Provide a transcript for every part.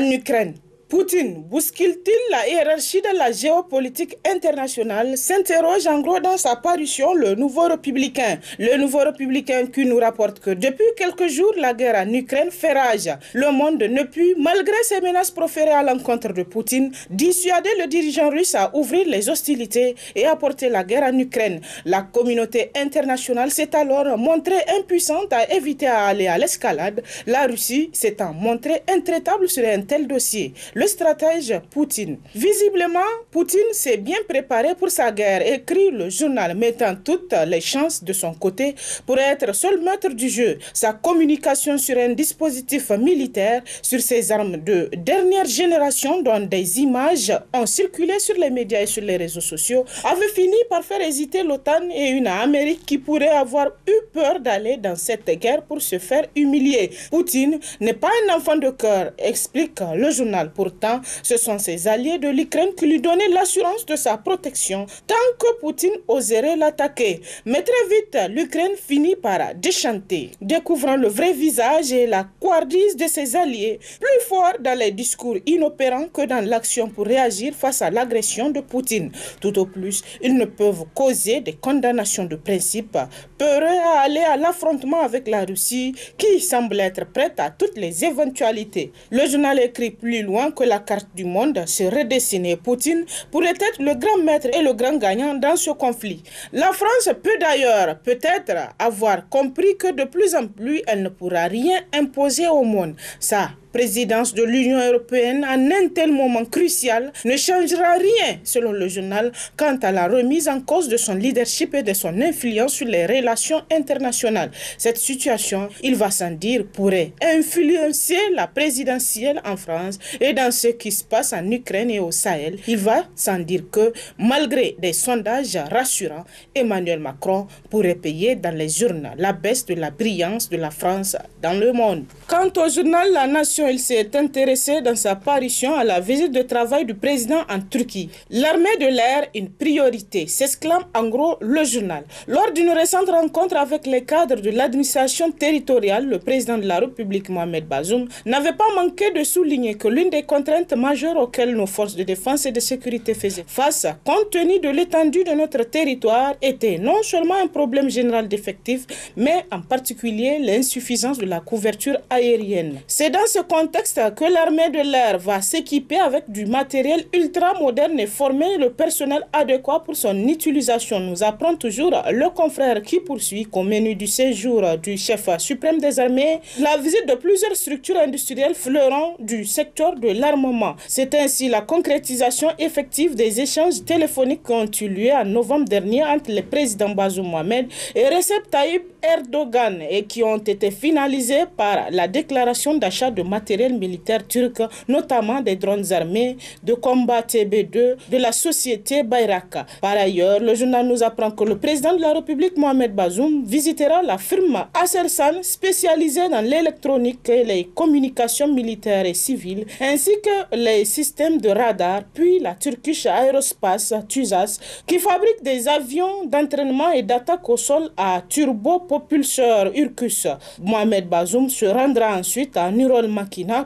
en Ukraine. Poutine bouscule-t-il la hiérarchie de la géopolitique internationale s'interroge en gros dans sa parution Le Nouveau Républicain. Le Nouveau Républicain qui nous rapporte que depuis quelques jours, la guerre en Ukraine fait rage. Le monde ne put, malgré ses menaces proférées à l'encontre de Poutine, dissuader le dirigeant russe à ouvrir les hostilités et à porter la guerre en Ukraine. La communauté internationale s'est alors montrée impuissante à éviter à aller à l'escalade. La Russie s'étant montrée intraitable sur un tel dossier le stratège Poutine. Visiblement, Poutine s'est bien préparé pour sa guerre, écrit le journal, mettant toutes les chances de son côté pour être seul maître du jeu. Sa communication sur un dispositif militaire, sur ses armes de dernière génération, dont des images ont circulé sur les médias et sur les réseaux sociaux, avait fini par faire hésiter l'OTAN et une Amérique qui pourrait avoir eu peur d'aller dans cette guerre pour se faire humilier. Poutine n'est pas un enfant de cœur, explique le journal pour Pourtant, ce sont ses alliés de l'Ukraine qui lui donnaient l'assurance de sa protection tant que Poutine oserait l'attaquer. Mais très vite, l'Ukraine finit par déchanter, découvrant le vrai visage et la couardise de ses alliés, plus fort dans les discours inopérants que dans l'action pour réagir face à l'agression de Poutine. Tout au plus, ils ne peuvent causer des condamnations de principe, peureux à aller à l'affrontement avec la Russie qui semble être prête à toutes les éventualités. Le journal écrit plus loin que la carte du monde se redessinait. Poutine pourrait être le grand maître et le grand gagnant dans ce conflit. La France peut d'ailleurs peut-être avoir compris que de plus en plus elle ne pourra rien imposer au monde. Ça, présidence de l'Union européenne en un tel moment crucial ne changera rien, selon le journal, quant à la remise en cause de son leadership et de son influence sur les relations internationales. Cette situation, il va sans dire, pourrait influencer la présidentielle en France et dans ce qui se passe en Ukraine et au Sahel. Il va sans dire que, malgré des sondages rassurants, Emmanuel Macron pourrait payer dans les urnes la baisse de la brillance de la France dans le monde. Quant au journal La Nation, il s'est intéressé dans sa parution à la visite de travail du président en Turquie. L'armée de l'air, une priorité, s'exclame en gros le journal. Lors d'une récente rencontre avec les cadres de l'administration territoriale, le président de la République, Mohamed Bazoum, n'avait pas manqué de souligner que l'une des contraintes majeures auxquelles nos forces de défense et de sécurité faisaient face, compte tenu de l'étendue de notre territoire, était non seulement un problème général d'effectifs, mais en particulier l'insuffisance de la couverture aérienne. C'est dans ce contexte que l'armée de l'air va s'équiper avec du matériel ultra-moderne et former le personnel adéquat pour son utilisation, nous apprend toujours le confrère qui poursuit qu'au menu du séjour du chef suprême des armées, la visite de plusieurs structures industrielles fleurant du secteur de l'armement. C'est ainsi la concrétisation effective des échanges téléphoniques qui ont eu lieu en novembre dernier entre le président Bazoum Mohamed et Recep Tayyip Erdogan et qui ont été finalisés par la déclaration d'achat de matériel matériel militaire turc, notamment des drones armés, de combat TB2, de la société Bayraka. Par ailleurs, le journal nous apprend que le président de la République, Mohamed Bazoum, visitera la firme Aselsan, spécialisée dans l'électronique et les communications militaires et civiles, ainsi que les systèmes de radar, puis la Turkish Aerospace, TUSAS, qui fabrique des avions d'entraînement et d'attaque au sol à turbopropulseur Urkus. Mohamed Bazoum se rendra ensuite à Nurol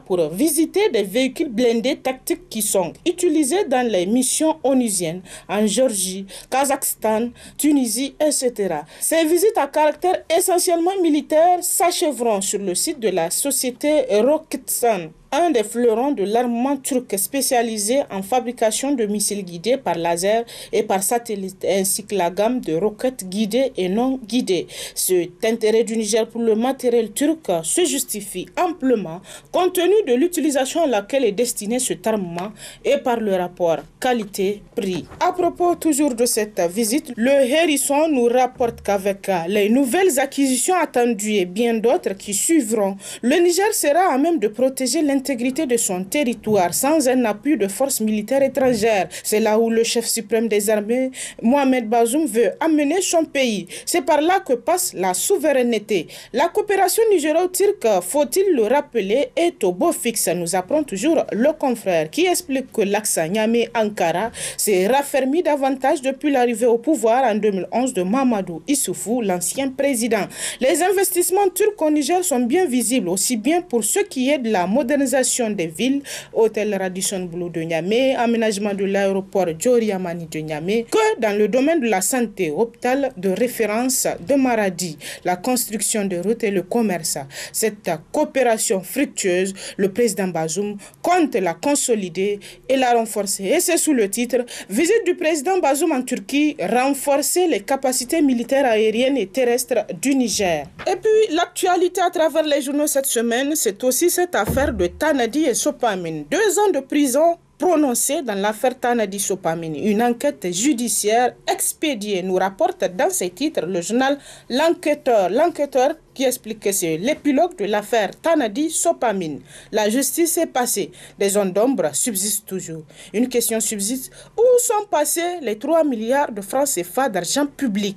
pour visiter des véhicules blindés tactiques qui sont utilisés dans les missions onusiennes en Géorgie, Kazakhstan, Tunisie, etc. Ces visites à caractère essentiellement militaire s'achèveront sur le site de la société Rokitsan un des fleurons de l'armement turc spécialisé en fabrication de missiles guidés par laser et par satellite, ainsi que la gamme de roquettes guidées et non guidées. Cet intérêt du Niger pour le matériel turc se justifie amplement compte tenu de l'utilisation à laquelle est destiné cet armement et par le rapport qualité-prix. À propos toujours de cette visite, le Hérisson nous rapporte qu'avec les nouvelles acquisitions attendues et bien d'autres qui suivront, le Niger sera à même de protéger l'intérêt de son territoire sans un appui de forces militaires étrangères. C'est là où le chef suprême des armées, Mohamed Bazoum, veut amener son pays. C'est par là que passe la souveraineté. La coopération nigéro-turque, faut-il le rappeler, est au beau fixe. Nous apprend toujours le confrère qui explique que l'axe Niamey-Ankara s'est raffermi davantage depuis l'arrivée au pouvoir en 2011 de Mamadou Issoufou, l'ancien président. Les investissements turcs au Niger sont bien visibles, aussi bien pour ce qui est de la modernisation des villes, hôtel Radisson Blue de Niamey, aménagement de l'aéroport Djoriamani de Niamey, que dans le domaine de la santé, hôpital de référence de Maradi, la construction de routes et le commerce. Cette coopération fructueuse, le président Bazoum compte la consolider et la renforcer. Et c'est sous le titre Visite du président Bazoum en Turquie, renforcer les capacités militaires aériennes et terrestres du Niger. Et puis l'actualité à travers les journaux cette semaine, c'est aussi cette affaire de Tanadi et Sopamine. Deux ans de prison prononcés dans l'affaire Tanadi Sopamine. Une enquête judiciaire expédiée nous rapporte dans ses titres le journal L'enquêteur. L'enquêteur qui explique que c'est l'épilogue de l'affaire Tanadi Sopamine. La justice est passée, des zones d'ombre subsistent toujours. Une question subsiste, où sont passés les 3 milliards de francs CFA d'argent public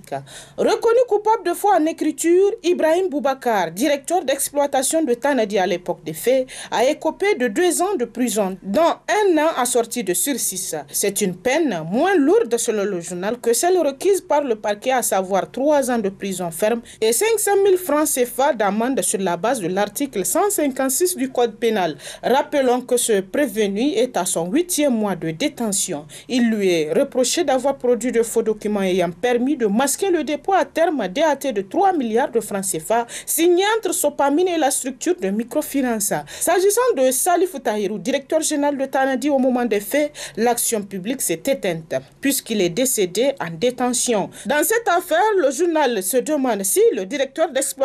Reconnu coupable de foi en écriture, Ibrahim Boubacar, directeur d'exploitation de Tanadi à l'époque des faits, a écopé de deux ans de prison, dont un an assorti de sursis. C'est une peine moins lourde selon le journal que celle requise par le parquet, à savoir trois ans de prison ferme et 500 000 francs CFA d'amende sur la base de l'article 156 du Code pénal. Rappelons que ce prévenu est à son huitième mois de détention. Il lui est reproché d'avoir produit de faux documents ayant permis de masquer le dépôt à terme DAT de 3 milliards de francs CFA signé entre Sopamine et la structure de microfinance. S'agissant de Salif Tahirou, directeur général de Tanadi au moment des faits, l'action publique s'est éteinte puisqu'il est décédé en détention. Dans cette affaire, le journal se demande si le directeur d'exploitation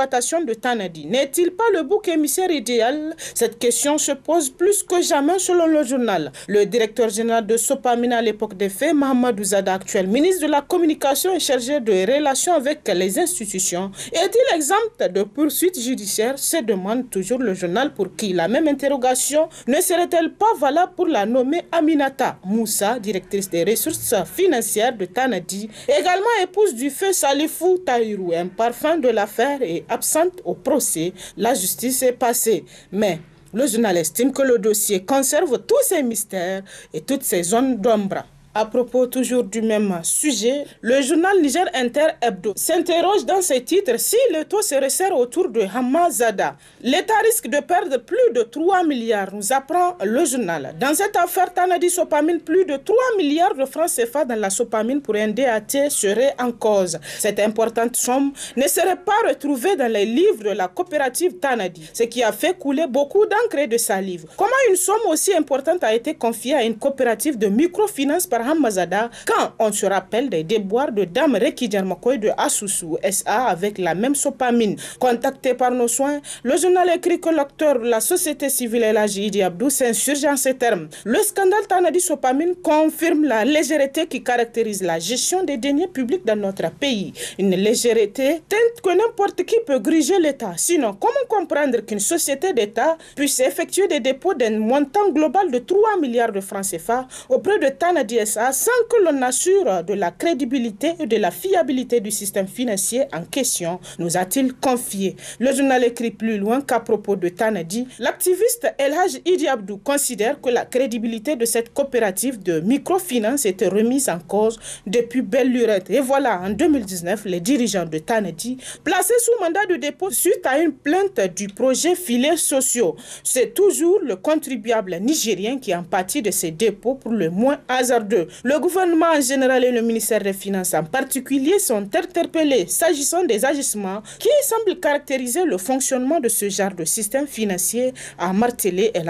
de Tanadi n'est-il pas le bouc émissaire idéal Cette question se pose plus que jamais selon le journal. Le directeur général de Sopamina à l'époque des faits, Mohamed Ouzada, actuel ministre de la Communication et chargé de relations avec les institutions, est-il exempt de poursuites judiciaires se demande toujours le journal pour qui la même interrogation ne serait-elle pas valable pour la nommée Aminata Moussa, directrice des ressources financières de Tanadi, également épouse du feu Salifou Tahirou, un parfum de l'affaire et absente au procès, la justice est passée. Mais le journal estime que le dossier conserve tous ses mystères et toutes ses zones d'ombre. À propos toujours du même sujet, le journal Niger Inter Hebdo s'interroge dans ses titres si le taux se resserre autour de Hamazada. L'État risque de perdre plus de 3 milliards, nous apprend le journal. Dans cette affaire Tanadi Sopamine, plus de 3 milliards de francs CFA dans la Sopamine pour un DAT serait en cause. Cette importante somme ne serait pas retrouvée dans les livres de la coopérative Tanadi, ce qui a fait couler beaucoup d'encre et de salive. Comment une somme aussi importante a été confiée à une coopérative de microfinance par Hamazada quand on se rappelle des déboires de Dame Reki Djarmakoy de Asusu SA avec la même sopamine. Contacté par nos soins, le journal écrit que l'acteur de la société civile et Diabdou Abdou s'insurge en ces termes. Le scandale Tanadi Sopamine confirme la légèreté qui caractérise la gestion des deniers publics dans notre pays. Une légèreté telle que n'importe qui peut griger l'État. Sinon, comment comprendre qu'une société d'État puisse effectuer des dépôts d'un montant global de 3 milliards de francs CFA auprès de Tanadi sans que l'on assure de la crédibilité et de la fiabilité du système financier en question, nous a-t-il confié. Le journal écrit plus loin qu'à propos de Tanadi, l'activiste Elhaj Idi considère que la crédibilité de cette coopérative de microfinance était remise en cause depuis belle lurette. Et voilà, en 2019, les dirigeants de TANEDI placés sous mandat de dépôt suite à une plainte du projet filet sociaux, c'est toujours le contribuable nigérien qui en pâtit de ces dépôts pour le moins hasardeux le gouvernement en général et le ministère des Finances en particulier sont interpellés s'agissant des agissements qui semblent caractériser le fonctionnement de ce genre de système financier, à martelé et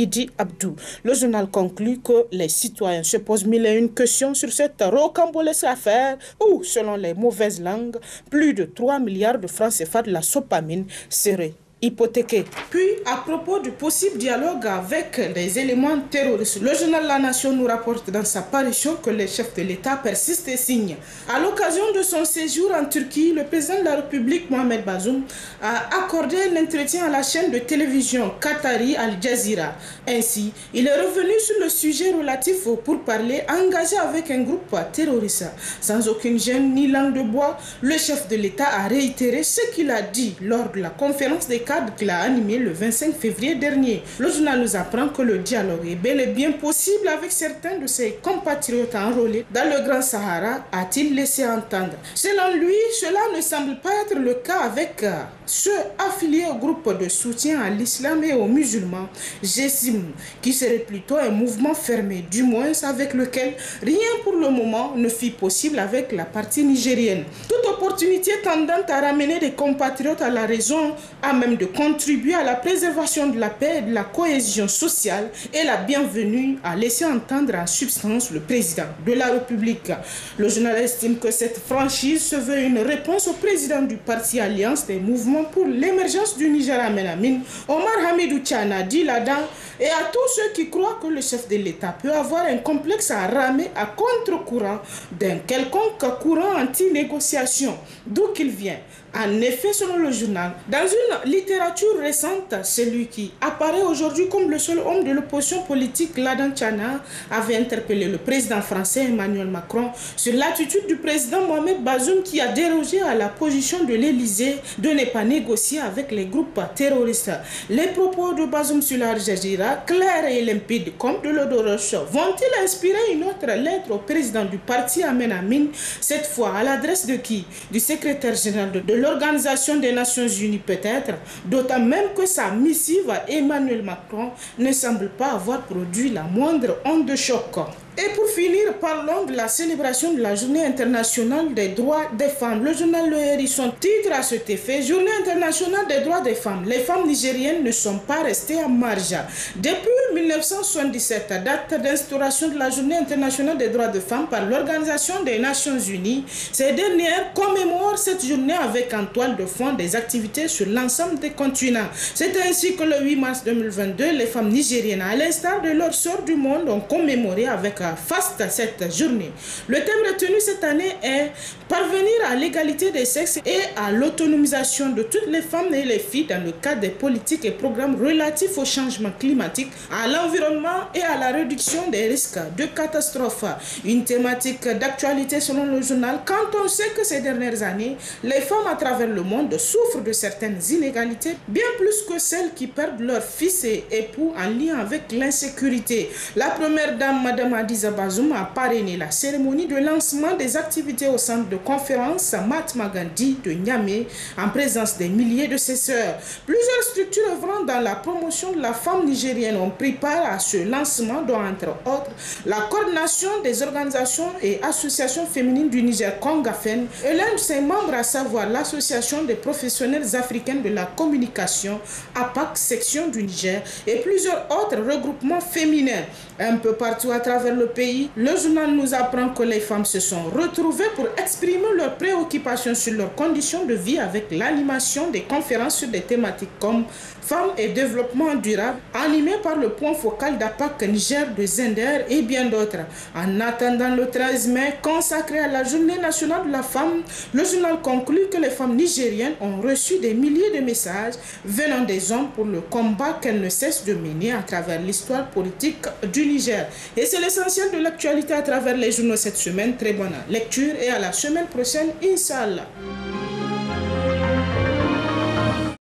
Idi Abdou. Le journal conclut que les citoyens se posent mille et une questions sur cette rocambolesque affaire où, selon les mauvaises langues, plus de 3 milliards de francs CFA de la sopamine seraient hypothéqué. Puis, à propos du possible dialogue avec les éléments terroristes, le journal La Nation nous rapporte dans sa parution que les chefs de l'État persistent et signent. À l'occasion de son séjour en Turquie, le président de la République, Mohamed Bazoum, a accordé l'entretien à la chaîne de télévision Qatari Al Jazeera. Ainsi, il est revenu sur le sujet relatif au pourparlers engagé avec un groupe terroriste. Sans aucune gêne ni langue de bois, le chef de l'État a réitéré ce qu'il a dit lors de la conférence des cadre qu'il a animé le 25 février dernier. Le journal nous apprend que le dialogue est bel et bien possible avec certains de ses compatriotes enrôlés dans le Grand Sahara, a-t-il laissé entendre. Selon lui, cela ne semble pas être le cas avec euh, se affilier au groupe de soutien à l'islam et aux musulmans, j'estime qui serait plutôt un mouvement fermé, du moins avec lequel rien pour le moment ne fit possible avec la partie nigérienne. Toute opportunité tendante à ramener des compatriotes à la raison, à même de contribuer à la préservation de la paix et de la cohésion sociale, est la bienvenue à laisser entendre en substance le président de la République. Le journal estime que cette franchise se veut une réponse au président du parti Alliance des mouvements pour l'émergence du Niger à Mélamine, Omar Hamidou Tchana dit là-dedans et à tous ceux qui croient que le chef de l'État peut avoir un complexe à ramer à contre-courant d'un quelconque courant anti-négociation, d'où qu'il vient. En effet, selon le journal, dans une littérature récente, celui qui apparaît aujourd'hui comme le seul homme de l'opposition politique, Ladan Chana, avait interpellé le président français Emmanuel Macron sur l'attitude du président Mohamed Bazoum qui a dérogé à la position de l'Élysée de ne pas négocier avec les groupes terroristes. Les propos de Bazoum sur la clairs et limpides comme de l'eau vont-ils inspirer une autre lettre au président du parti Amen Amin, cette fois à l'adresse de qui Du secrétaire général de l' l'Organisation des Nations Unies peut-être, d'autant même que sa missive à Emmanuel Macron ne semble pas avoir produit la moindre onde de choc. Et pour finir, parlons de la célébration de la Journée internationale des droits des femmes. Le journal Le Hérisson titre à cet effet Journée internationale des droits des femmes. Les femmes nigériennes ne sont pas restées à marge. Depuis 1977, à date d'instauration de la Journée internationale des droits des femmes par l'Organisation des Nations Unies, ces dernières commémorent cette journée avec en toile de fond des activités sur l'ensemble des continents. C'est ainsi que le 8 mars 2022, les femmes nigériennes, à l'instar de leur sort du monde, ont commémoré avec euh, face à cette journée. Le thème retenu cette année est Parvenir à l'égalité des sexes et à l'autonomisation de toutes les femmes et les filles dans le cadre des politiques et programmes relatifs au changement climatique, à l'environnement et à la réduction des risques de catastrophes. Une thématique d'actualité selon le journal quand on sait que ces dernières années, les femmes à travers le monde souffrent de certaines inégalités bien plus que celles qui perdent leurs fils et époux en lien avec l'insécurité. La première dame, Madame Adi Aziza a parrainé la cérémonie de lancement des activités au centre de conférence Mahatma Gandhi de Niamey en présence des milliers de ses soeurs Plusieurs structures œuvrant dans la promotion de la femme nigérienne ont pris part à ce lancement dont entre autres la coordination des organisations et associations féminines du Niger Congafen et l'un de ses membres à savoir l'association des professionnels africains de la communication APAC section du Niger et plusieurs autres regroupements féminins un peu partout à travers le le pays, le journal nous apprend que les femmes se sont retrouvées pour exprimer leurs préoccupations sur leurs conditions de vie avec l'animation des conférences sur des thématiques comme Femmes et Développement Durable, animé par le point focal d'APAC Niger de Zender et bien d'autres. En attendant le 13 mai, consacré à la Journée nationale de la femme, le journal conclut que les femmes nigériennes ont reçu des milliers de messages venant des hommes pour le combat qu'elles ne cessent de mener à travers l'histoire politique du Niger. Et c'est l'essentiel de l'actualité à travers les journaux cette semaine. Très bonne lecture et à la semaine prochaine, Inch'Allah.